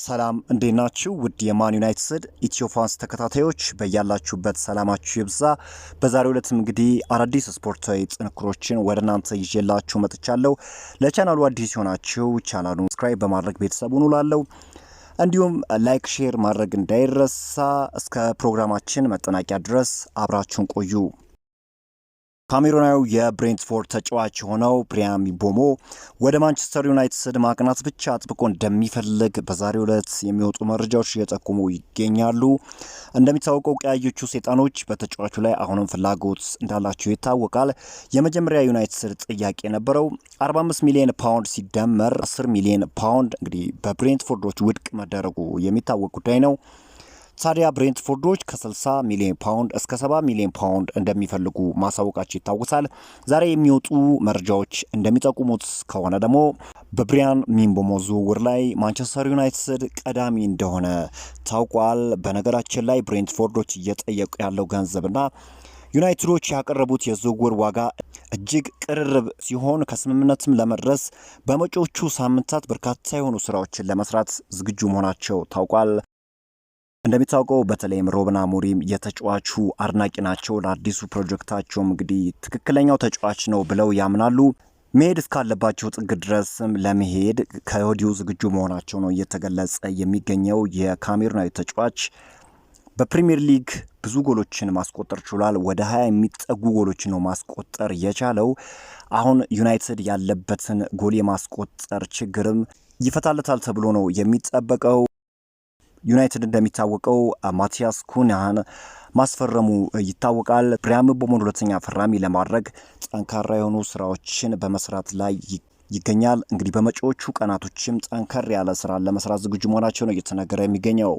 ሰላም እንዴት ናችሁ? ውድ የማን ዩናይትድ ኢትዮ ፋንስ ተከታታዮች በያላችሁበት ሰላማችሁ ይብዛ። በዛሬው ዕለትም እንግዲህ አዳዲስ ስፖርታዊ ጥንክሮችን ወደ እናንተ ይዤላችሁ መጥቻለሁ። ለቻናሉ አዲስ የሆናችሁ ቻናሉን ስክራይብ በማድረግ ቤተሰቡ ኑላለሁ። እንዲሁም ላይክ፣ ሼር ማድረግ እንዳይረሳ። እስከ ፕሮግራማችን መጠናቂያ ድረስ አብራችሁን ቆዩ። ካሜሮናዊ የብሬንትፎርድ ተጫዋች የሆነው ፕሪያሚ ቦሞ ወደ ማንቸስተር ዩናይትድ ማቅናት ብቻ አጥብቆ እንደሚፈልግ በዛሬው ዕለት የሚወጡ መረጃዎች እየጠቁሙ ይገኛሉ። እንደሚታወቀው ቀያዮቹ ሴጣኖች በተጫዋቹ ላይ አሁንም ፍላጎት እንዳላቸው ይታወቃል። የመጀመሪያ ዩናይትድ ጥያቄ የነበረው 45 ሚሊዮን ፓውንድ ሲደመር 10 ሚሊዮን ፓውንድ እንግዲህ በብሬንትፎርዶች ውድቅ መደረጉ የሚታወቅ ጉዳይ ነው። ታዲያ ብሬንትፎርዶች ከ60 ሚሊዮን ፓውንድ እስከ 70 ሚሊዮን ፓውንድ እንደሚፈልጉ ማሳወቃቸው ይታወሳል። ዛሬ የሚወጡ መረጃዎች እንደሚጠቁሙት ከሆነ ደግሞ በብሪያን ሚንቦሞ ዝውውር ላይ ማንቸስተር ዩናይትድ ቀዳሚ እንደሆነ ታውቋል። በነገራችን ላይ ብሬንትፎርዶች እየጠየቁ ያለው ገንዘብና ዩናይትዶች ያቀረቡት የዝውውር ዋጋ እጅግ ቅርርብ ሲሆን ከስምምነትም ለመድረስ በመጪዎቹ ሳምንታት በርካታ የሆኑ ስራዎችን ለመስራት ዝግጁ መሆናቸው ታውቋል። እንደሚታወቀው በተለይም ሮብን አሞሪም የተጫዋቹ አድናቂ ናቸው። ለአዲሱ ፕሮጀክታቸውም እንግዲህ ትክክለኛው ተጫዋች ነው ብለው ያምናሉ። መሄድ እስካለባቸው ጥግ ድረስም ለመሄድ ከወዲሁ ዝግጁ መሆናቸው ነው እየተገለጸ የሚገኘው። የካሜሩናዊ ተጫዋች በፕሪምየር ሊግ ብዙ ጎሎችን ማስቆጠር ችሏል። ወደ ሀያ የሚጠጉ ጎሎችን ነው ማስቆጠር የቻለው። አሁን ዩናይትድ ያለበትን ጎል የማስቆጠር ችግርም ይፈታለታል ተብሎ ነው የሚጠበቀው። ዩናይትድ እንደሚታወቀው ማቲያስ ኩንያን ማስፈረሙ ይታወቃል። ብሪያም ቦሞን ሁለተኛ ፈራሚ ለማድረግ ጠንካራ የሆኑ ስራዎችን በመስራት ላይ ይገኛል። እንግዲህ በመጪዎቹ ቀናቶችም ጠንከር ያለ ስራ ለመስራት ዝግጁ መሆናቸው ነው እየተነገረ የሚገኘው።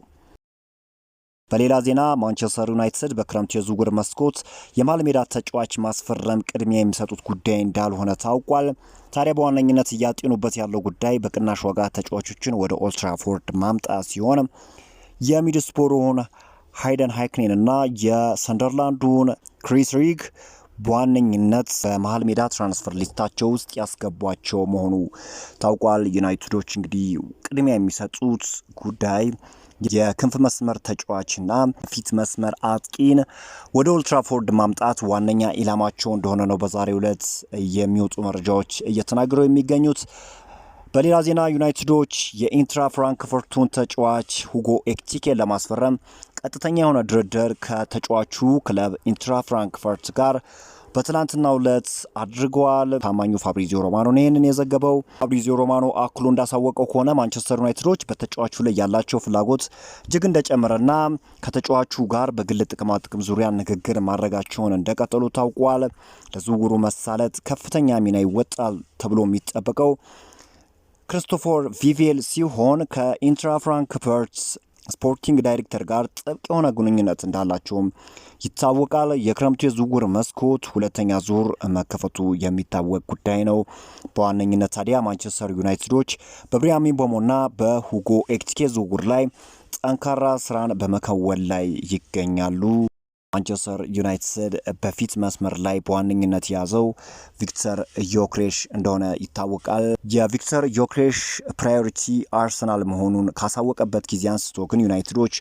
በሌላ ዜና ማንቸስተር ዩናይትድ በክረምት የዝውውር መስኮት የመሃል ሜዳ ተጫዋች ማስፈረም ቅድሚያ የሚሰጡት ጉዳይ እንዳልሆነ ታውቋል። ታዲያ በዋነኝነት እያጤኑበት ያለው ጉዳይ በቅናሽ ዋጋ ተጫዋቾችን ወደ ኦልትራፎርድ ማምጣት ሲሆን የሚድስቦሮውን ሃይደን ሃይክኔን እና የሰንደርላንዱን ክሪስ ሪግ በዋነኝነት በመሀል ሜዳ ትራንስፈር ሊስታቸው ውስጥ ያስገቧቸው መሆኑ ታውቋል። ዩናይትዶች እንግዲህ ቅድሚያ የሚሰጡት ጉዳይ የክንፍ መስመር ተጫዋችና ፊት መስመር አጥቂን ወደ ኦልትራፎርድ ማምጣት ዋነኛ ኢላማቸው እንደሆነ ነው በዛሬው ዕለት የሚወጡ መረጃዎች እየተናገሩ የሚገኙት። በሌላ ዜና ዩናይትዶች የኢንትራ ፍራንክፈርቱን ተጫዋች ሁጎ ኤክቲኬን ለማስፈረም ቀጥተኛ የሆነ ድርድር ከተጫዋቹ ክለብ ኢንትራ ፍራንክፈርት ጋር በትናንትናው ዕለት አድርጓል ታማኙ ፋብሪዚዮ ሮማኖ ነው ይህንን የዘገበው። ፋብሪዚዮ ሮማኖ አክሎ እንዳሳወቀው ከሆነ ማንቸስተር ዩናይትዶች በተጫዋቹ ላይ ያላቸው ፍላጎት እጅግ እንደጨመረና ከተጫዋቹ ጋር በግል ጥቅማ ጥቅም ዙሪያ ንግግር ማድረጋቸውን እንደቀጠሉ ታውቋል። ለዝውውሩ መሳለጥ ከፍተኛ ሚና ይወጣል ተብሎ የሚጠበቀው ክሪስቶፈር ቪቬል ሲሆን ከኢንትራ ፍራንክፈርት ስፖርቲንግ ዳይሬክተር ጋር ጥብቅ የሆነ ግንኙነት እንዳላቸውም ይታወቃል። የክረምቱ የዝውውር መስኮት ሁለተኛ ዙር መከፈቱ የሚታወቅ ጉዳይ ነው። በዋነኝነት ታዲያ ማንቸስተር ዩናይትዶች በብሪያም ምቤሞና በሁጎ ኤክቲኬ ዝውውር ላይ ጠንካራ ስራን በመከወል ላይ ይገኛሉ። ማንቸስተር ዩናይትድ በፊት መስመር ላይ በዋነኝነት የያዘው ቪክተር ዮክሬሽ እንደሆነ ይታወቃል። የቪክተር ዮክሬሽ ፕራዮሪቲ አርሰናል መሆኑን ካሳወቀበት ጊዜ አንስቶ ግን ዩናይትዶች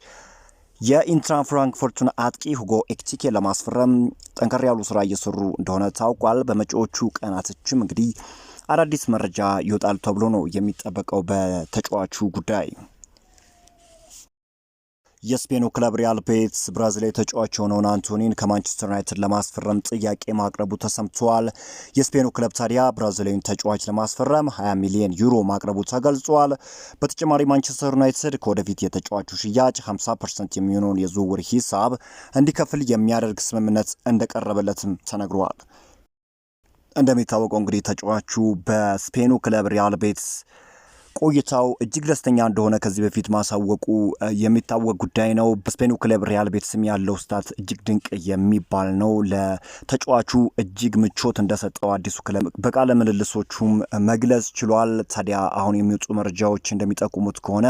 የኢንትራን ፍራንክፎርቱን አጥቂ ሁጎ ኤክቲኬ ለማስፈረም ጠንከር ያሉ ስራ እየሰሩ እንደሆነ ታውቋል። በመጪዎቹ ቀናቶችም እንግዲህ አዳዲስ መረጃ ይወጣል ተብሎ ነው የሚጠበቀው በተጫዋቹ ጉዳይ። የስፔኑ ክለብ ሪያል ቤትስ ብራዚላዊ ተጫዋች የሆነውን አንቶኒን ከማንቸስተር ዩናይትድ ለማስፈረም ጥያቄ ማቅረቡ ተሰምቷል። የስፔኑ ክለብ ታዲያ ብራዚላዊን ተጫዋች ለማስፈረም 20 ሚሊዮን ዩሮ ማቅረቡ ተገልጿል። በተጨማሪ ማንቸስተር ዩናይትድ ከወደፊት የተጫዋቹ ሽያጭ 50 ፐርሰንት የሚሆነውን የዝውውር ሂሳብ እንዲከፍል የሚያደርግ ስምምነት እንደቀረበለትም ተነግሯል። እንደሚታወቀው እንግዲህ ተጫዋቹ በስፔኑ ክለብ ሪያል ቤትስ ቆይታው እጅግ ደስተኛ እንደሆነ ከዚህ በፊት ማሳወቁ የሚታወቅ ጉዳይ ነው። በስፔኑ ክለብ ሪያል ቤትስም ያለው ስታት እጅግ ድንቅ የሚባል ነው። ለተጫዋቹ እጅግ ምቾት እንደሰጠው አዲሱ ክለብ በቃለ ምልልሶቹም መግለጽ ችሏል። ታዲያ አሁን የሚወጡ መረጃዎች እንደሚጠቁሙት ከሆነ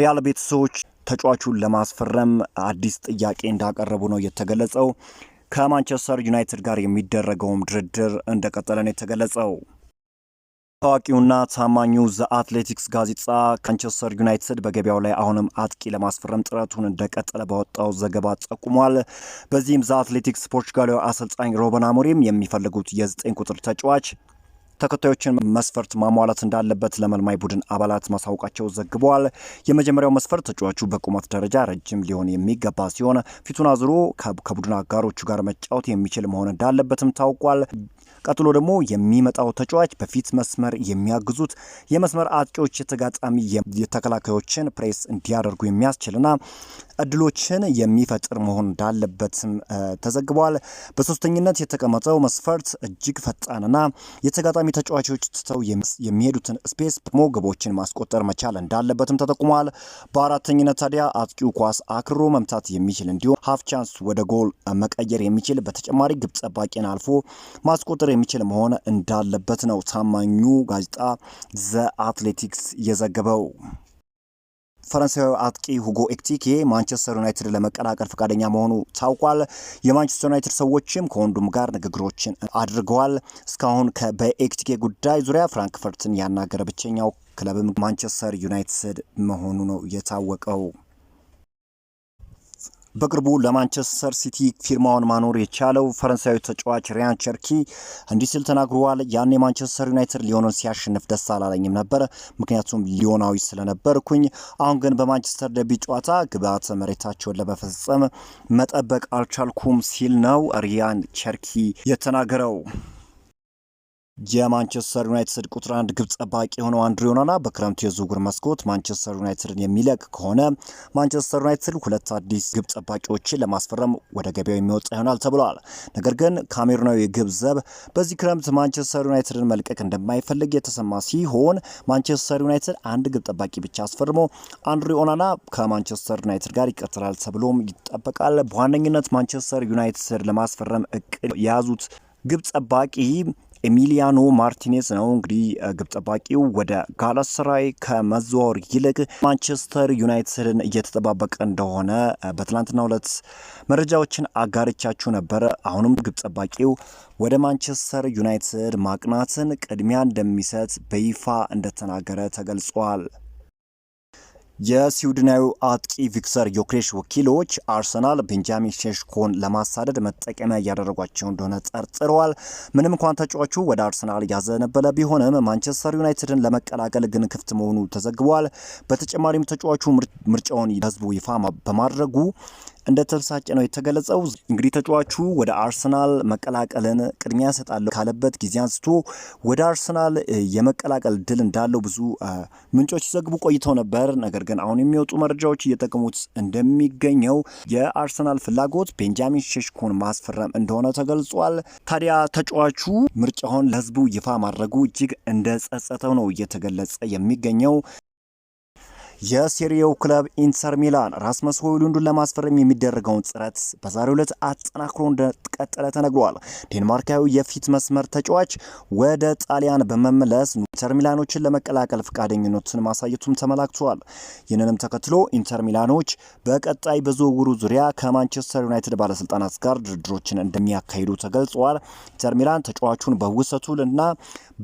ሪያል ቤትሶች ተጫዋቹን ለማስፈረም አዲስ ጥያቄ እንዳቀረቡ ነው የተገለጸው። ከማንቸስተር ዩናይትድ ጋር የሚደረገውም ድርድር እንደቀጠለ ነው የተገለጸው። ታዋቂውና ታማኙ ዘ አትሌቲክስ ጋዜጣ ካንቸስተር ዩናይትድ በገበያው ላይ አሁንም አጥቂ ለማስፈረም ጥረቱን እንደቀጠለ በወጣው ዘገባ ጠቁሟል። በዚህም ዘ አትሌቲክስ ፖርቹጋላዊ አሰልጣኝ ሮበን አሞሪም የሚፈልጉት የዘጠኝ ቁጥር ተጫዋች ተከታዮችን መስፈርት ማሟላት እንዳለበት ለመልማይ ቡድን አባላት ማሳወቃቸው ዘግበዋል። የመጀመሪያው መስፈርት ተጫዋቹ በቁመት ደረጃ ረጅም ሊሆን የሚገባ ሲሆን ፊቱን አዝሮ ከቡድን አጋሮቹ ጋር መጫወት የሚችል መሆን እንዳለበትም ታውቋል። ቀጥሎ ደግሞ የሚመጣው ተጫዋች በፊት መስመር የሚያግዙት የመስመር አጥቂዎች የተጋጣሚ የተከላካዮችን ፕሬስ እንዲያደርጉ የሚያስችልና እድሎችን የሚፈጥር መሆን እንዳለበትም ተዘግቧል። በሶስተኝነት የተቀመጠው መስፈርት እጅግ ፈጣንና የተጋጣሚ ተጫዋቾች ትተው የሚሄዱትን ስፔስ ሞ ግቦችን ማስቆጠር መቻል እንዳለበትም ተጠቁሟል። በአራተኝነት ታዲያ አጥቂው ኳስ አክርሮ መምታት የሚችል እንዲሁም ሀፍ ቻንስ ወደ ጎል መቀየር የሚችል በተጨማሪ ግብ ጠባቂን አልፎ ማስቆጠር የሚችል መሆን እንዳለበት ነው ታማኙ ጋዜጣ ዘ አትሌቲክስ የዘገበው። ፈረንሳዊ አጥቂ ሁጎ ኤክቲኬ ማንቸስተር ዩናይትድ ለመቀላቀል ፈቃደኛ መሆኑ ታውቋል። የማንቸስተር ዩናይትድ ሰዎችም ከወንዱም ጋር ንግግሮችን አድርገዋል። እስካሁን በኤክቲኬ ጉዳይ ዙሪያ ፍራንክፈርትን ያናገረ ብቸኛው ክለብም ማንቸስተር ዩናይትድ መሆኑ ነው የታወቀው። በቅርቡ ለማንቸስተር ሲቲ ፊርማውን ማኖር የቻለው ፈረንሳዊ ተጫዋች ሪያን ቸርኪ እንዲህ ሲል ተናግረዋል። ያን የማንቸስተር ዩናይትድ ሊዮንን ሲያሸንፍ ደስ አላለኝም ነበር፣ ምክንያቱም ሊዮናዊ ስለነበርኩኝ። አሁን ግን በማንቸስተር ደቢ ጨዋታ ግብዓተ መሬታቸውን ለመፈጸም መጠበቅ አልቻልኩም ሲል ነው ሪያን ቸርኪ የተናገረው። የማንቸስተር ዩናይትድ ቁጥር አንድ ግብ ጠባቂ የሆነው አንድሬ ኦናና በክረምቱ የዝውውር መስኮት ማንቸስተር ዩናይትድን የሚለቅ ከሆነ ማንቸስተር ዩናይትድ ሁለት አዲስ ግብ ጠባቂዎችን ለማስፈረም ወደ ገበያው የሚወጣ ይሆናል ተብሏል። ነገር ግን ካሜሩናዊ ግብ ዘብ በዚህ ክረምት ማንቸስተር ዩናይትድን መልቀቅ እንደማይፈልግ የተሰማ ሲሆን ማንቸስተር ዩናይትድ አንድ ግብ ጠባቂ ብቻ አስፈርሞ አንድሬ ኦናና ከማንቸስተር ዩናይትድ ጋር ይቀጥላል ተብሎም ይጠበቃል። በዋነኝነት ማንቸስተር ዩናይትድ ለማስፈረም እቅድ የያዙት ግብ ጠባቂ ኤሚሊያኖ ማርቲኔዝ ነው እንግዲህ ግብ ጠባቂው ወደ ጋላስራይ ከመዘዋወር ይልቅ ማንቸስተር ዩናይትድን እየተጠባበቀ እንደሆነ በትላንትና ሁለት መረጃዎችን አጋርቻችሁ ነበር አሁንም ግብ ጠባቂው ወደ ማንቸስተር ዩናይትድ ማቅናትን ቅድሚያ እንደሚሰጥ በይፋ እንደተናገረ ተገልጿል። የስዊድናዊ አጥቂ ቪክተር ዮክሬሽ ወኪሎች አርሰናል ቤንጃሚን ሼሽኮን ለማሳደድ መጠቀሚያ እያደረጓቸው እንደሆነ ጠርጥረዋል። ምንም እንኳን ተጫዋቹ ወደ አርሰናል ያዘነበለ ቢሆንም ማንቸስተር ዩናይትድን ለመቀላቀል ግን ክፍት መሆኑ ተዘግቧል። በተጨማሪም ተጫዋቹ ምርጫውን ለህዝቡ ይፋ በማድረጉ እንደተበሳጨ ነው የተገለጸው። እንግዲህ ተጫዋቹ ወደ አርሰናል መቀላቀልን ቅድሚያ ሰጣለሁ ካለበት ጊዜ አንስቶ ወደ አርሰናል የመቀላቀል ድል እንዳለው ብዙ ምንጮች ሲዘግቡ ቆይተው ነበር። ነገር ግን አሁን የሚወጡ መረጃዎች እየጠቀሙት እንደሚገኘው የአርሰናል ፍላጎት ቤንጃሚን ሸሽኮን ማስፈረም እንደሆነ ተገልጿል። ታዲያ ተጫዋቹ ምርጫውን ለህዝቡ ይፋ ማድረጉ እጅግ እንደ ጸጸተው ነው እየተገለጸ የሚገኘው። የሴሪየው ክለብ ኢንተር ሚላን ራስመስ ሆይሉንድን ለማስፈረም የሚደረገውን ጥረት በዛሬው ዕለት አጠናክሮ እንደቀጠለ ተነግሯል። ዴንማርካዊ የፊት መስመር ተጫዋች ወደ ጣሊያን በመመለስ ኢንተር ሚላኖችን ለመቀላቀል ፈቃደኝነቱን ማሳየቱም ተመላክቷል። ይህንንም ተከትሎ ኢንተር ሚላኖች በቀጣይ በዝውውሩ ዙሪያ ከማንቸስተር ዩናይትድ ባለስልጣናት ጋር ድርድሮችን እንደሚያካሂዱ ተገልጿል። ኢንተር ሚላን ተጫዋቹን በውሰቱልና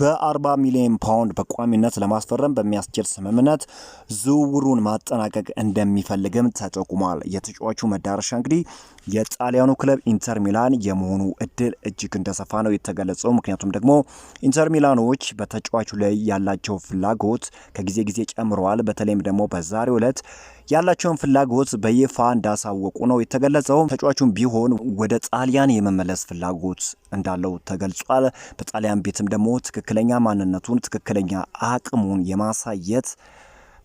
በ40 ሚሊዮን ፓውንድ በቋሚነት ለማስፈረም በሚያስችል ስምምነት ዝውውሩን ማጠናቀቅ እንደሚፈልግም ተጠቁሟል። የተጫዋቹ መዳረሻ እንግዲህ የጣሊያኑ ክለብ ኢንተር ሚላን የመሆኑ እድል እጅግ እንደሰፋ ነው የተገለጸው። ምክንያቱም ደግሞ ኢንተር ሚላኖች በተጫዋቹ ላይ ያላቸው ፍላጎት ከጊዜ ጊዜ ጨምረዋል። በተለይም ደግሞ በዛሬው ዕለት ያላቸውን ፍላጎት በይፋ እንዳሳወቁ ነው የተገለጸው። ተጫዋቹም ቢሆን ወደ ጣሊያን የመመለስ ፍላጎት እንዳለው ተገልጿል። በጣሊያን ቤትም ደግሞ ትክክለኛ ማንነቱን ትክክለኛ አቅሙን የማሳየት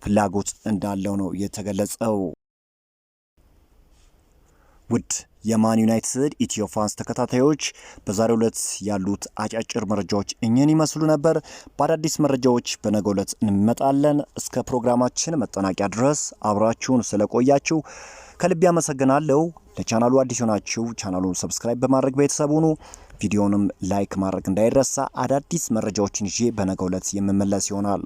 ፍላጎት እንዳለው ነው የተገለጸው። ውድ የማን ዩናይትድ ኢትዮ ፋንስ ተከታታዮች በዛሬው ዕለት ያሉት አጫጭር መረጃዎች እኚህን ይመስሉ ነበር። በአዳዲስ መረጃዎች በነገው ዕለት እንመጣለን። እስከ ፕሮግራማችን መጠናቂያ ድረስ አብራችሁን ስለቆያችሁ ከልብ ያመሰግናለሁ። ለቻናሉ አዲስ ሆናችሁ ቻናሉን ሰብስክራይብ በማድረግ ቤተሰብ ሁኑ። ቪዲዮንም ላይክ ማድረግ እንዳይረሳ። አዳዲስ መረጃዎችን ይዤ በነገው ዕለት የምመለስ ይሆናል።